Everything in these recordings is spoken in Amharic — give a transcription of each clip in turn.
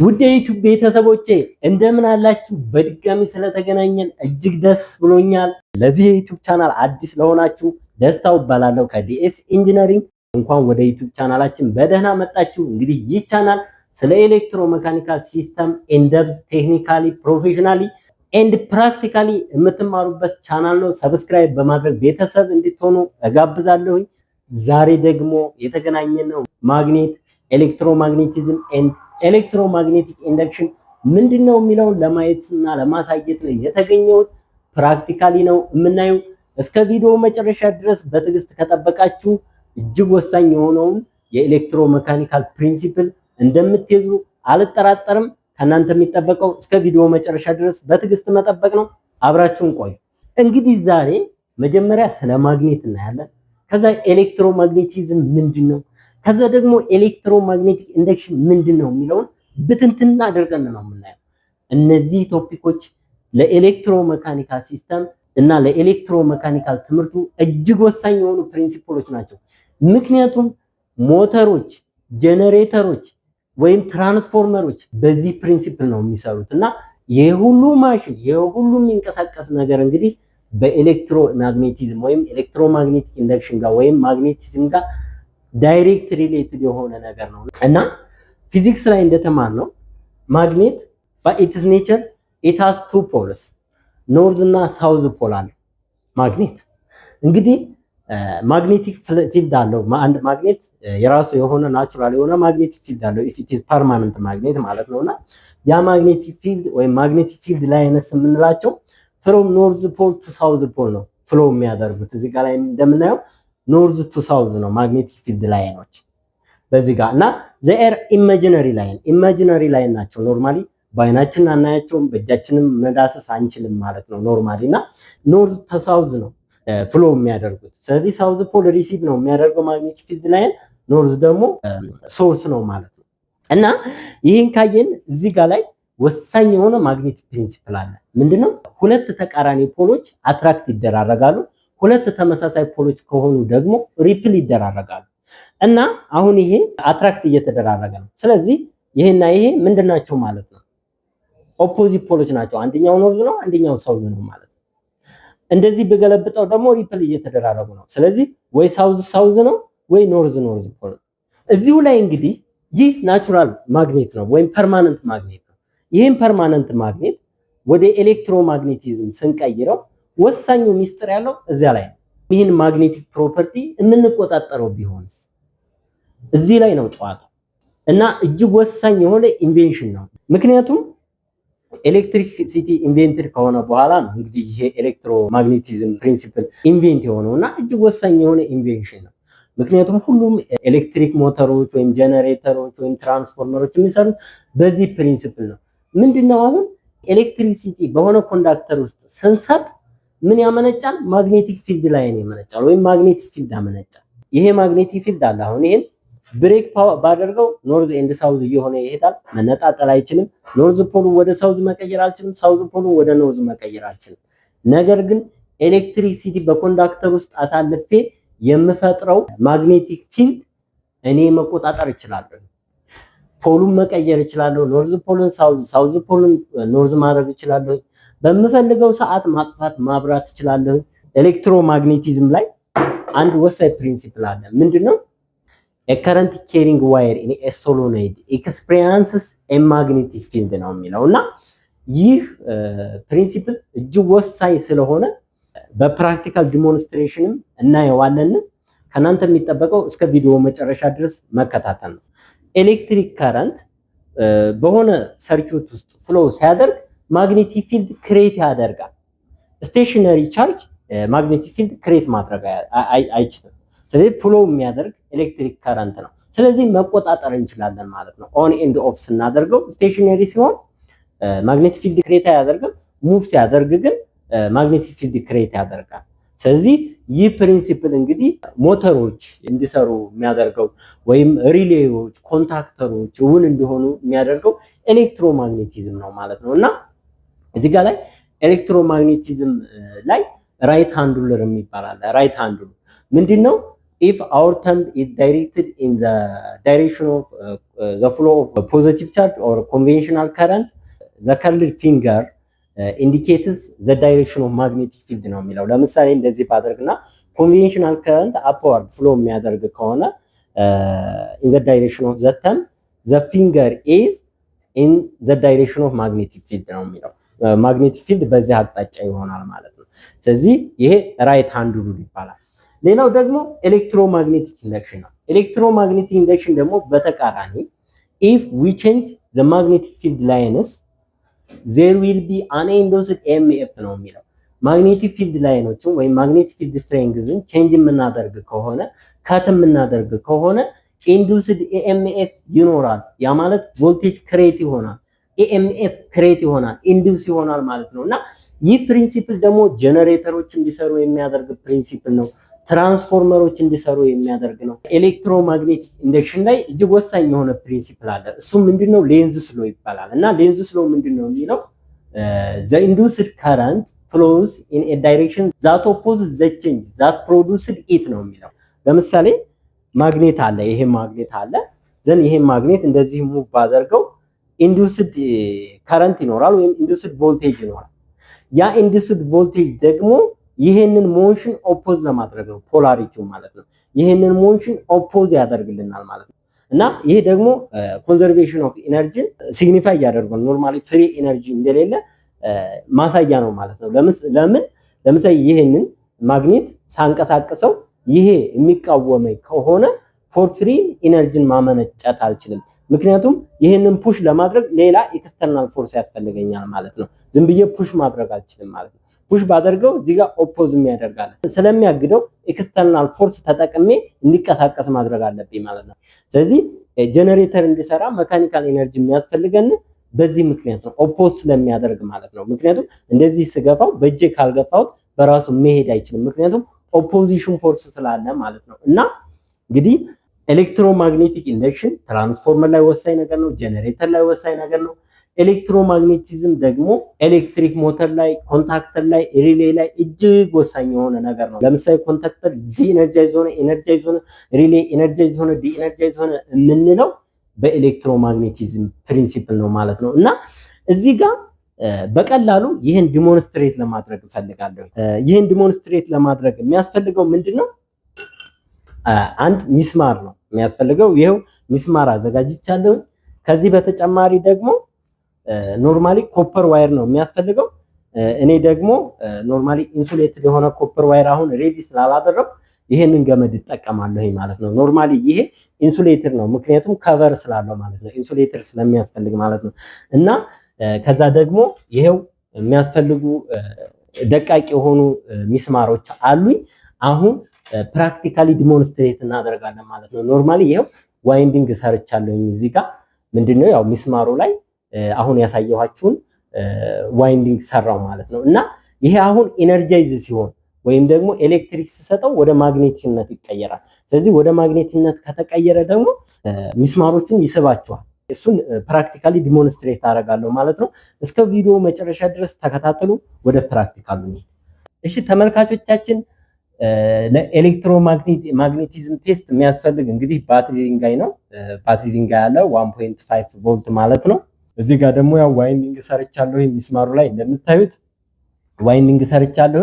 ውድ የዩቲዩብ ቤተሰቦቼ እንደምን አላችሁ? በድጋሚ ስለተገናኘን እጅግ ደስ ብሎኛል። ለዚህ የዩቱብ ቻናል አዲስ ለሆናችሁ ደስታው እባላለሁ ከዲኤስ ኢንጂነሪንግ። እንኳን ወደ ዩቱብ ቻናላችን በደህና መጣችሁ። እንግዲህ ይህ ቻናል ስለ ኤሌክትሮ መካኒካል ሲስተም ኢንደብዝ ቴክኒካሊ ፕሮፌሽናሊ ኤንድ ፕራክቲካሊ የምትማሩበት ቻናል ነው። ሰብስክራይብ በማድረግ ቤተሰብ እንድትሆኑ እጋብዛለሁኝ። ዛሬ ደግሞ የተገናኘ ነው ማግኔት ኤሌክትሮማግኔቲዝም ኤንድ ኤሌክትሮማግኔቲክ ኢንደክሽን ምንድን ነው የሚለውን ለማየትና ለማሳየት ነው የተገኘሁት። ፕራክቲካሊ ነው የምናየው። እስከ ቪዲዮ መጨረሻ ድረስ በትዕግስት ከጠበቃችሁ እጅግ ወሳኝ የሆነውን የኤሌክትሮ መካኒካል ፕሪንሲፕል እንደምትይዙ አልጠራጠርም። ከእናንተ የሚጠበቀው እስከ ቪዲዮ መጨረሻ ድረስ በትዕግስት መጠበቅ ነው። አብራችሁን ቆዩ። እንግዲህ ዛሬ መጀመሪያ ስለ ማግኔት እናያለን። ከዛ ኤሌክትሮማግኔቲዝም ምንድን ነው ከዛ ደግሞ ኤሌክትሮማግኔቲክ ኢንደክሽን ምንድን ነው የሚለውን ብትንትና አድርገን ነው የምናየው። እነዚህ ቶፒኮች ለኤሌክትሮሜካኒካል ሲስተም እና ለኤሌክትሮሜካኒካል ትምህርቱ እጅግ ወሳኝ የሆኑ ፕሪንሲፕሎች ናቸው። ምክንያቱም ሞተሮች፣ ጄኔሬተሮች ወይም ትራንስፎርመሮች በዚህ ፕሪንሲፕል ነው የሚሰሩት እና የሁሉ ማሽን የሁሉ የሚንቀሳቀስ ነገር እንግዲህ በኤሌክትሮማግኔቲዝም ወይም ኤሌክትሮማግኔቲክ ኢንደክሽን ጋር ወይም ማግኔቲዝም ጋር ዳይሬክት ሪሌትድ የሆነ ነገር ነው እና ፊዚክስ ላይ እንደተማርነው ማግኔት በኢትስ ኔቸር ኢት ቱ ፖልስ ኖርዝ እና ሳውዝ ፖል አለው። ማግኔት እንግዲህ ማግኔቲክ ፊልድ አለው። አንድ ማግኔት የራሱ የሆነ ናቹራል የሆነ ማግኔቲክ ፊልድ አለው። ኢፍ ኢት ኢዝ ፐርማነንት ማግኔት ማለት ነውና ያ ማግኔቲክ ፊልድ ወይም ማግኔቲክ ፊልድ ላይነስ የምንላቸው ፍሮም ኖርዝ ፖል ቱ ሳውዝ ፖል ነው ፍሎ የሚያደርጉት እዚህ ጋር ላይ እንደምናየው ኖርዝ ቱ ሳውዝ ነው ማግኔቲክ ፊልድ ላይኖች በዚህ ጋር እና ዘኤር ኢማጂነሪ ላይን ኢማጂነሪ ላይን ናቸው። ኖርማሊ በአይናችን አናያቸውም፣ በእጃችንም መዳሰስ አንችልም ማለት ነው ኖርማሊ እና ኖርዝ ቱ ሳውዝ ነው ፍሎ የሚያደርጉት። ስለዚህ ሳውዝ ፖል ሪሲቭ ነው የሚያደርገው ማግኔቲክ ፊልድ ላይን፣ ኖርዝ ደግሞ ሶርስ ነው ማለት ነው እና ይህን ካየን እዚህ ጋር ላይ ወሳኝ የሆነ ማግኔቲክ ፕሪንሲፕል አለ። ምንድነው? ሁለት ተቃራኒ ፖሎች አትራክት ይደራረጋሉ። ሁለት ተመሳሳይ ፖሎች ከሆኑ ደግሞ ሪፕል ይደራረጋሉ እና አሁን ይሄ አትራክት እየተደራረገ ነው። ስለዚህ ይሄና ይሄ ምንድን ናቸው ማለት ነው? ኦፖዚት ፖሎች ናቸው። አንደኛው ኖርዝ ነው፣ አንደኛው ሳውዝ ነው ማለት ነው። እንደዚህ ብገለብጠው ደግሞ ሪፕል እየተደራረጉ ነው። ስለዚህ ወይ ሳውዝ ሳውዝ ነው ወይ ኖርዝ ኖርዝ ፖል። እዚሁ ላይ እንግዲህ ይህ ናቹራል ማግኔት ነው ወይም ፐርማነንት ማግኔት ነው። ይህም ፐርማነንት ማግኔት ወደ ኤሌክትሮማግኔቲዝም ስንቀይረው ወሳኙ ሚስጥር ያለው እዚያ ላይ ነው። ይህን ማግኔቲክ ፕሮፐርቲ የምንቆጣጠረው ቢሆንስ እዚህ ላይ ነው ጨዋታው እና እጅግ ወሳኝ የሆነ ኢንቬንሽን ነው። ምክንያቱም ሲቲ ኢንቬንትድ ከሆነ በኋላ ነው እንግዲህ ይሄ ኤሌክትሮማግኔቲዝም ፕሪንሲፕል ኢንቬንት የሆነው እና እጅግ ወሳኝ የሆነ ኢንቬንሽን ነው። ምክንያቱም ሁሉም ኤሌክትሪክ ሞተሮች ወይም ጀነሬተሮች ወይም ትራንስፎርመሮች የሚሰሩት በዚህ ፕሪንሲፕል ነው። ምንድነው አሁን ኤሌክትሪሲቲ በሆነ ኮንዳክተር ውስጥ ስንሰጥ ምን ያመነጫል? ማግኔቲክ ፊልድ ላይ ነው ያመነጫል፣ ወይም ማግኔቲክ ፊልድ ያመነጫል። ይሄ ማግኔቲክ ፊልድ አለ። አሁን ይሄን ብሬክ ባደርገው ኖርዝ ኤንድ ሳውዝ እየሆነ ይሄዳል። መነጣጠል አይችልም። ኖርዝ ፖሉ ወደ ሳውዝ መቀየር አልችልም። ሳውዝ ፖሉ ወደ ኖርዝ መቀየር አልችልም። ነገር ግን ኤሌክትሪሲቲ በኮንዳክተር ውስጥ አሳልፌ የምፈጥረው ማግኔቲክ ፊልድ እኔ መቆጣጠር እችላለሁ። ፖሉን መቀየር እችላለሁ። ኖርዝ ፖሉን ሳውዝ፣ ሳውዝ ፖሉን ኖርዝ ማድረግ እችላለሁ። በምፈልገው ሰዓት ማጥፋት ማብራት እችላለሁ። ኤሌክትሮማግኔቲዝም ላይ አንድ ወሳኝ ፕሪንሲፕል አለ። ምንድነው? የከረንት ኬሪንግ ዋየር ኢን ኤ ሶሎኖይድ ኤክስፒሪየንስስ ኤ ማግኔቲክ ፊልድ ነው የሚለው እና ይህ ፕሪንሲፕል እጅግ ወሳኝ ስለሆነ በፕራክቲካል ዲሞንስትሬሽንም እናየዋለን። ከእናንተ የሚጠበቀው እስከ ቪዲዮ መጨረሻ ድረስ መከታተል ነው። ኤሌክትሪክ ከረንት በሆነ ሰርኪዩት ውስጥ ፍሎ ሲያደርግ ማግኔቲክ ፊልድ ክሬት ያደርጋል። ስቴሽነሪ ቻርጅ ማግኔቲክ ፊልድ ክሬት ማድረግ አይችልም። ስለዚህ ፍሎ የሚያደርግ ኤሌክትሪክ ከረንት ነው። ስለዚህ መቆጣጠር እንችላለን ማለት ነው። ኦን ኤንድ ኦፍ ስናደርገው ስቴሽነሪ ሲሆን ማግኔቲክ ፊልድ ክሬት አያደርግም። ሙቭ ሲያደርግ ግን ማግኔቲክ ፊልድ ክሬት ያደርጋል። ስለዚህ ይህ ፕሪንሲፕል እንግዲህ ሞተሮች እንዲሰሩ የሚያደርገው ወይም ሪሌዎች፣ ኮንታክተሮች እውን እንዲሆኑ የሚያደርገው ኤሌክትሮማግኔቲዝም ነው ማለት ነው እና እዚህ ጋር ላይ ኤሌክትሮማግኔቲዝም ላይ ራይት ሃንዱለር የሚባል አለ። ራይት ሃንዱለር ምንድን ነው? ኢፍ አወር ተምብ ኢዝ ዳይሬክትድ ኢን ዘ ዳይሬክሽን ኦፍ ዘ ፍሎ ኦፍ ፖዚቲቭ ቻርጅ ኦር ኮንቬንሽናል ከረንት ዘ ከርልድ ፊንገር ኢንዲኬትስ ዘ ዳይሬክሽን ኦፍ ማግኔቲክ ፊልድ ነው የሚለው። ለምሳሌ እንደዚህ ባደርግና ኮንቬንሽናል ከረንት አፕዋርድ ፍሎ የሚያደርግ ከሆነ ኢን ዘ ዳይሬክሽን ኦፍ ዘ ተምብ ዘ ፊንገር ኢዝ ኢን ዘ ዳይሬክሽን ኦፍ ማግኔቲክ ፊልድ ነው የሚለው። ማግኔቲክ ፊልድ በዚህ አቅጣጫ ይሆናል ማለት ነው። ስለዚህ ይሄ ራይት ሃንድ ሩል ይባላል። ሌላው ደግሞ ኤሌክትሮማግኔቲክ ኢንደክሽን ነው። ኤሌክትሮማግኔቲክ ኢንደክሽን ደግሞ በተቃራኒ ኢፍ ዊ ቼንጅ ዘ ማግኔቲክ ፊልድ ላይንስ ዜር ዊል ቢ አን ኢንዱስድ ኤምኤፍ ነው የሚለው ማግኔቲክ ፊልድ ላይኖችን ወይም ማግኔቲክ ፊልድ ስትሬንግዝን ቼንጅ የምናደርግ ከሆነ ከት የምናደርግ ከሆነ ኢንዱስድ ኤምኤፍ ይኖራል። ያ ማለት ቮልቴጅ ክሬት ይሆናል። ኤኤምኤፍ ክሬት ይሆናል ኢንዲውስ ይሆናል ማለት ነው እና ይህ ፕሪንሲፕል ደግሞ ጀነሬተሮች እንዲሰሩ የሚያደርግ ፕሪንሲፕል ነው። ትራንስፎርመሮች እንዲሰሩ የሚያደርግ ነው። ኤሌክትሮማግኔቲክ ኢንደክሽን ላይ እጅግ ወሳኝ የሆነ ፕሪንሲፕል አለ። እሱም ምንድነው? ሌንዝ ስሎ ይባላል እና ሌንዝ ስሎ ምንድነው የሚለው ዘ ኢንዱስድ ከረንት ፍሎውስ ኢን ኤ ዳይሬክሽን ዛት ኦፖዝስ ዘ ቼንጅ ዛት ፕሮዱስድ ኢት ነው የሚለው። ለምሳሌ ማግኔት አለ፣ ይሄ ማግኔት አለ ዘን ይሄ ማግኔት እንደዚህ ሙቭ ባደርገው ኢንዱስድ ከረንት eh, ይኖራል ወይም ኢንዱስድ ቮልቴጅ ይኖራል። ያ ኢንዱስድ ቮልቴጅ ደግሞ ይህንን ሞሽን ኦፖዝ ለማድረግ ነው፣ ፖላሪቲው ማለት ነው። ይህንን ሞሽን ኦፖዝ ያደርግልናል ማለት ነው። እና ይህ ደግሞ ኮንዘርቬሽን ኦፍ ኢነርጂን ሲግኒፋይ ያደርጋል። ኖርማሊ ፍሪ ኢነርጂ እንደሌለ eh, ማሳያ ነው ማለት ነው። ለምን ለምሳሌ ይህንን ማግኔት ሳንቀሳቀሰው ይሄ የሚቃወመኝ ከሆነ ፎር ፍሪ ኢነርጂን ማመነጨት አልችልም። ምክንያቱም ይህንን ፑሽ ለማድረግ ሌላ ኤክስተርናል ፎርስ ያስፈልገኛል ማለት ነው። ዝም ብዬ ፑሽ ማድረግ አልችልም ማለት ነው። ፑሽ ባደርገው እዚህ ጋር ኦፖዝ የሚያደርጋል ስለሚያግደው ኤክስተርናል ፎርስ ተጠቅሜ እንዲቀሳቀስ ማድረግ አለብኝ ማለት ነው። ስለዚህ ጀኔሬተር እንዲሰራ መካኒካል ኤነርጂ የሚያስፈልገን በዚህ ምክንያት ነው፣ ኦፖዝ ስለሚያደርግ ማለት ነው። ምክንያቱም እንደዚህ ስገፋው በእጄ ካልገፋሁት በራሱ መሄድ አይችልም፣ ምክንያቱም ኦፖዚሽን ፎርስ ስላለ ማለት ነው እና እንግዲህ ኤሌክትሮማግኔቲክ ኢንደክሽን ትራንስፎርመር ላይ ወሳኝ ነገር ነው። ጀኔሬተር ላይ ወሳኝ ነገር ነው። ኤሌክትሮማግኔቲዝም ደግሞ ኤሌክትሪክ ሞተር ላይ፣ ኮንታክተር ላይ፣ ሪሌ ላይ እጅግ ወሳኝ የሆነ ነገር ነው። ለምሳሌ ኮንታክተር ዲኤነርጃይዝ ሆነ ኤነርጃይዝ ሆነ፣ ሪሌ ኤነርጃይዝ ሆነ ዲኤነርጃይዝ ሆነ የምንለው በኤሌክትሮማግኔቲዝም ፕሪንሲፕል ነው ማለት ነው እና እዚህ ጋር በቀላሉ ይህን ዲሞንስትሬት ለማድረግ እፈልጋለሁ። ይህን ዲሞንስትሬት ለማድረግ የሚያስፈልገው ምንድን ነው? አንድ ሚስማር ነው የሚያስፈልገው። ይኸው ሚስማር አዘጋጅቻለሁ። ከዚህ በተጨማሪ ደግሞ ኖርማሊ ኮፐር ዋየር ነው የሚያስፈልገው። እኔ ደግሞ ኖርማሊ ኢንሱሌትድ የሆነ ኮፐር ዋየር አሁን ሬዲ ስላላደረው ይሄንን ገመድ እጠቀማለሁ ማለት ነው። ኖርማሊ ይሄ ኢንሱሌትር ነው፣ ምክንያቱም ከቨር ስላለው ማለት ነው። ኢንሱሌትር ስለሚያስፈልግ ማለት ነው። እና ከዛ ደግሞ ይሄው የሚያስፈልጉ ደቃቅ የሆኑ ሚስማሮች አሉኝ አሁን ፕራክቲካሊ ዲሞንስትሬት እናደርጋለን ማለት ነው። ኖርማሊ ይኸው ዋይንዲንግ ሰርቻለሁኝ እዚህ ጋር ምንድነው ያው ሚስማሩ ላይ አሁን ያሳየኋችሁን ዋይንዲንግ ሰራው ማለት ነው። እና ይሄ አሁን ኢነርጃይዝ ሲሆን ወይም ደግሞ ኤሌክትሪክ ሲሰጠው ወደ ማግኔቲነት ይቀየራል። ስለዚህ ወደ ማግኔቲነት ከተቀየረ ደግሞ ሚስማሮችን ይስባቸዋል። እሱን ፕራክቲካሊ ዲሞንስትሬት አደርጋለሁ ማለት ነው። እስከ ቪዲዮ መጨረሻ ድረስ ተከታተሉ። ወደ ፕራክቲካሉ እሺ ተመልካቾቻችን ለኤሌክትሮማግኔቲዝም ቴስት የሚያስፈልግ እንግዲህ ባትሪ ድንጋይ ነው። ባትሪ ድንጋይ ያለ 1.5 ቮልት ማለት ነው። እዚህ ጋር ደግሞ ያው ዋይንዲንግ ሰርቻለሁ። የሚስማሩ ላይ እንደምታዩት ዋይንዲንግ ሰርቻለሁ።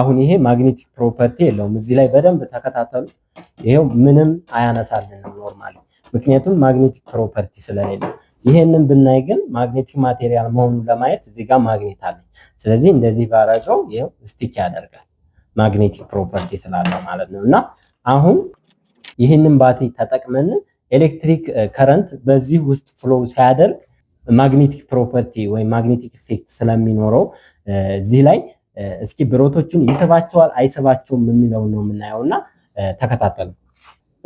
አሁን ይሄ ማግኔቲክ ፕሮፐርቲ የለውም። እዚህ ላይ በደንብ ተከታተሉ። ይሄው ምንም አያነሳልንም ኖርማሊ፣ ምክንያቱም ማግኔቲክ ፕሮፐርቲ ስለሌለ። ይሄንን ብናይ ግን ማግኔቲክ ማቴሪያል መሆኑን ለማየት እዚህ ጋር ማግኔት አለ። ስለዚህ እንደዚህ ባረገው ይሄው ስቲክ ያደርጋል። ማግኔቲክ ፕሮፐርቲ ስላለው ማለት ነው። እና አሁን ይህንን ባትሪ ተጠቅመን ኤሌክትሪክ ከረንት በዚህ ውስጥ ፍሎ ሲያደርግ ማግኔቲክ ፕሮፐርቲ ወይም ማግኔቲክ ኢፌክት ስለሚኖረው እዚህ ላይ እስኪ ብሮቶቹን ይስባቸዋል አይስባቸውም የሚለው ነው የምናየው እና ተከታተሉ።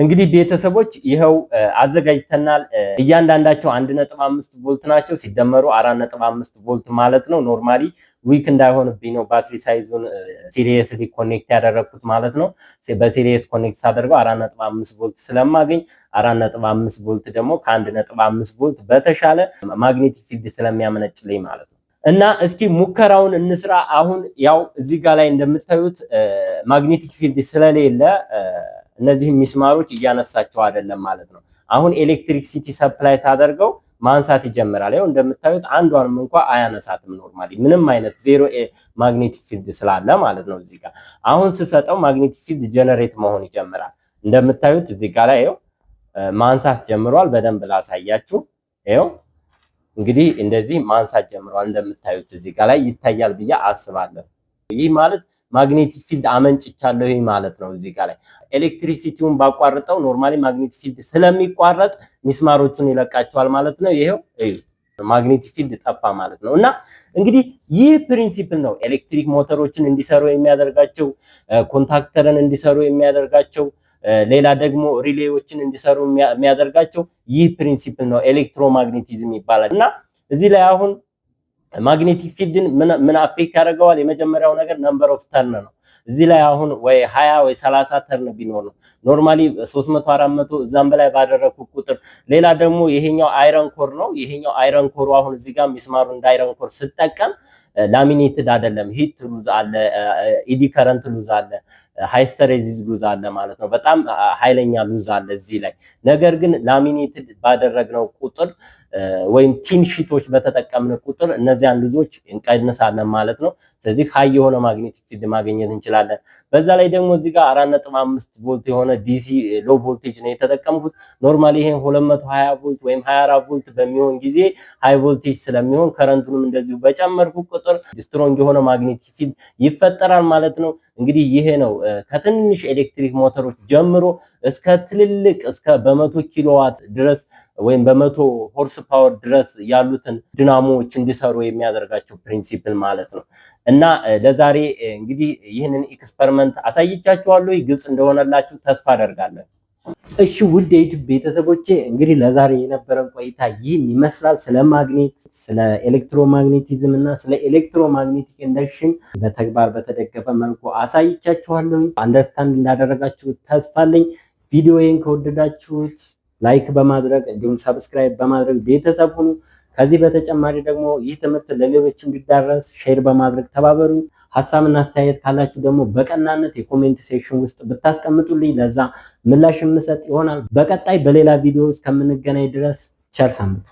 እንግዲህ ቤተሰቦች ይኸው አዘጋጅተናል። እያንዳንዳቸው አንድ ነጥብ አምስት ቮልት ናቸው። ሲደመሩ አራት ነጥብ አምስት ቮልት ማለት ነው ኖርማሊ ዊክ እንዳይሆንብኝ ነው ባትሪ ሳይዙን ሲሪየስሊ ኮኔክት ያደረግኩት ማለት ነው። በሲሪየስ ኮኔክት ሳደርገው አራት ነጥብ አምስት ቮልት ስለማገኝ አራት ነጥብ አምስት ቮልት ደግሞ ከአንድ ነጥብ አምስት ቮልት በተሻለ ማግኔቲክ ፊልድ ስለሚያመነጭልኝ ማለት ነው። እና እስኪ ሙከራውን እንስራ። አሁን ያው እዚህ ጋር ላይ እንደምታዩት ማግኔቲክ ፊልድ ስለሌለ እነዚህ ሚስማሮች እያነሳቸው አይደለም ማለት ነው። አሁን ኤሌክትሪክ ሲቲ ሰፕላይ ሳደርገው ማንሳት ይጀምራል። ያው እንደምታዩት አንዷንም እንኳ አያነሳትም። ኖርማሊ ምንም አይነት ዜሮ ማግኔቲክ ፊልድ ስላለ ማለት ነው። እዚህ ጋር አሁን ስሰጠው ማግኔቲክ ፊልድ ጀነሬት መሆን ይጀምራል። እንደምታዩት እዚህ ጋር ላይ ያው ማንሳት ጀምሯል። በደንብ ላሳያችሁ። ያው እንግዲህ እንደዚህ ማንሳት ጀምሯል። እንደምታዩት እዚህ ጋር ላይ ይታያል ብዬ አስባለሁ። ይህ ማለት ማግኔቲክ ፊልድ አመንጭቻለሁ ማለት ነው። እዚህ ጋር ላይ ኤሌክትሪሲቲውን ባቋርጠው ኖርማሊ ማግኔቲክ ፊልድ ስለሚቋረጥ ሚስማሮቹን ይለቃቸዋል ማለት ነው። ይሄው ማግኔቲክ ፊልድ ጠፋ ማለት ነው። እና እንግዲህ ይህ ፕሪንሲፕል ነው ኤሌክትሪክ ሞተሮችን እንዲሰሩ የሚያደርጋቸው፣ ኮንታክተርን እንዲሰሩ የሚያደርጋቸው፣ ሌላ ደግሞ ሪሌዎችን እንዲሰሩ የሚያደርጋቸው ይህ ፕሪንሲፕል ነው ኤሌክትሮማግኔቲዝም ይባላል። እና እዚህ ላይ አሁን ማግኔቲክ ፊልድን ምን አፌክት ያደርገዋል? የመጀመሪያው ነገር ነምበር ኦፍ ተርን ነው። እዚህ ላይ አሁን ወይ ሀያ ወይ ሰላሳ ተርን ቢኖር ነው ኖርማሊ ሶስት መቶ አራት መቶ እዛም በላይ ባደረግኩ ቁጥር። ሌላ ደግሞ ይሄኛው አይረን ኮር ነው። ይሄኛው አይረን ኮሩ አሁን እዚህ ጋር ሚስማሩ እንደ አይረን ኮር ስጠቀም ላሚኔትድ አይደለም። ሂት ሉዝ አለ፣ ኢዲ ከረንት ሉዝ አለ፣ ሃይስተሬዚስ ሉዝ አለ ማለት ነው። በጣም ኃይለኛ ሉዝ አለ እዚህ ላይ ነገር ግን ላሚኔትድ ባደረግነው ቁጥር ወይም ቲን ሺቶች በተጠቀምን ቁጥር እነዚያን ልጆች እንቀንሳለን ማለት ነው። ስለዚህ ሀይ የሆነ ማግኔቲክ ፊልድ ማግኘት እንችላለን። በዛ ላይ ደግሞ እዚህ ጋር አራት ነጥብ አምስት ቮልት የሆነ ዲሲ ሎ ቮልቴጅ ነው የተጠቀምኩት። ኖርማሊ ይሄን ሁለት መቶ ሀያ ቮልት ወይም ሀያ አራት ቮልት በሚሆን ጊዜ ሀይ ቮልቴጅ ስለሚሆን ከረንቱንም እንደዚሁ በጨመርኩ ቁጥር ስትሮንግ የሆነ ማግኔቲክ ፊልድ ይፈጠራል ማለት ነው። እንግዲህ ይሄ ነው ከትንሽ ኤሌክትሪክ ሞተሮች ጀምሮ እስከ ትልልቅ እስከ በመቶ ኪሎዋት ድረስ ወይም በመቶ ሆርስ ፓወር ድረስ ያሉትን ድናሞዎች እንዲሰሩ የሚያደርጋቸው ፕሪንሲፕል ማለት ነው። እና ለዛሬ እንግዲህ ይህንን ኤክስፐሪመንት አሳይቻችኋለሁ። ግልጽ እንደሆነላችሁ ተስፋ አደርጋለን። እሺ ውድ የዩቲዩብ ቤተሰቦቼ እንግዲህ ለዛሬ የነበረን ቆይታ ይህን ይመስላል። ስለ ማግኔት፣ ስለ ኤሌክትሮማግኔቲዝም እና ስለ ኤሌክትሮማግኔቲክ ኢንደክሽን በተግባር በተደገፈ መልኩ አሳይቻችኋለሁ። አንደርስታንድ እንዳደረጋችሁ ተስፋለኝ። ቪዲዮዬን ከወደዳችሁት ላይክ በማድረግ እንዲሁም ሰብስክራይብ በማድረግ ቤተሰብ ሁኑ። ከዚህ በተጨማሪ ደግሞ ይህ ትምህርት ለሌሎች እንዲዳረስ ሼር በማድረግ ተባበሩ። ሀሳብና አስተያየት ካላችሁ ደግሞ በቀናነት የኮሜንት ሴክሽን ውስጥ ብታስቀምጡልኝ ለዛ ምላሽ የምሰጥ ይሆናል። በቀጣይ በሌላ ቪዲዮ እስከምንገናኝ ድረስ ቸር ሰንብቱ።